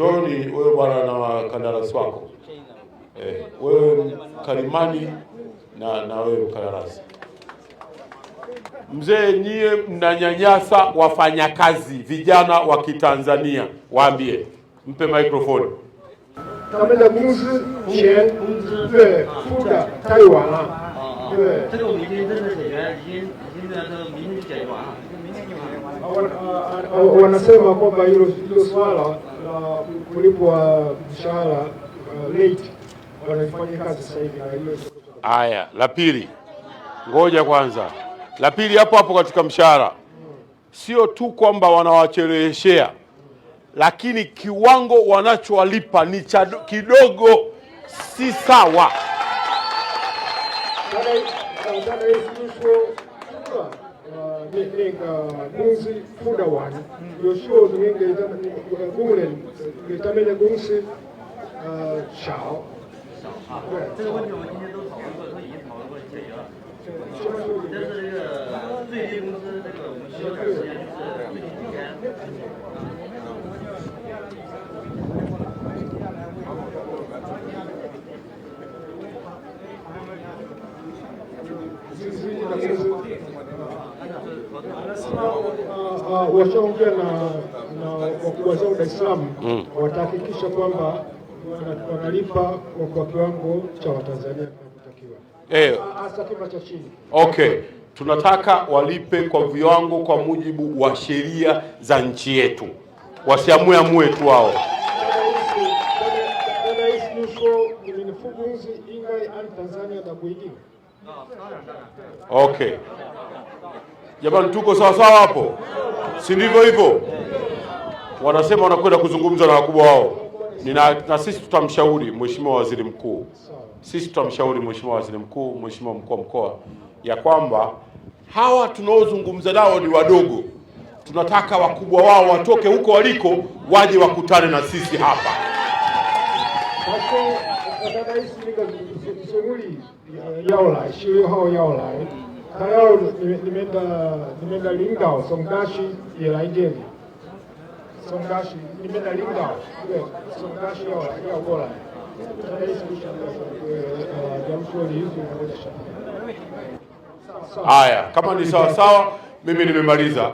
John, wewe bwana na wakandarasi wako eh, wewe mkalimani na, na wewe mkandarasi mzee, nyie mnanyanyasa wafanyakazi vijana wa Kitanzania. Waambie, mpe microphone wanasema kwamba hilo swala kulipwa mshahara late uh, wanaifanya kazi sasa hivi. Haya, la pili, ngoja kwanza, la pili hapo hapo katika mshahara, sio tu kwamba wanawacheleweshea, lakini kiwango wanachowalipa ni cha kidogo, si sawa. 呃，那那个公司付得完，有时候你们给他们工人给他们的公司，呃，少少啊，对。这个问题我们今天都讨论过，都已经讨论过解决了。但是个最低工资这个，我们要点时间是每天。Ah, washaongea na wakubwa zao Dar es Salaam, mm. watahakikisha kwamba wanalipa kwa kiwango cha Watanzania kinachotakiwa, eh. hasa kima cha chini. Okay, tunataka walipe kwa viwango kwa mujibu wa sheria za nchi yetu, wasiamue amue tu wao. Okay. Jamani, tuko sawa sawa hapo, si ndivyo? Hivyo wanasema wanakwenda kuzungumza na wakubwa wao. Nina, na sisi tutamshauri Mheshimiwa Waziri Mkuu, sisi tutamshauri Mheshimiwa Waziri Mkuu, Mheshimiwa mkuu wa mkoa ya kwamba hawa tunaozungumza nao ni wadogo, tunataka wakubwa wao watoke huko waliko waje wakutane na sisi hapa. Leo nimeenda Haya, kama ni sawa sawa, mimi nimemaliza.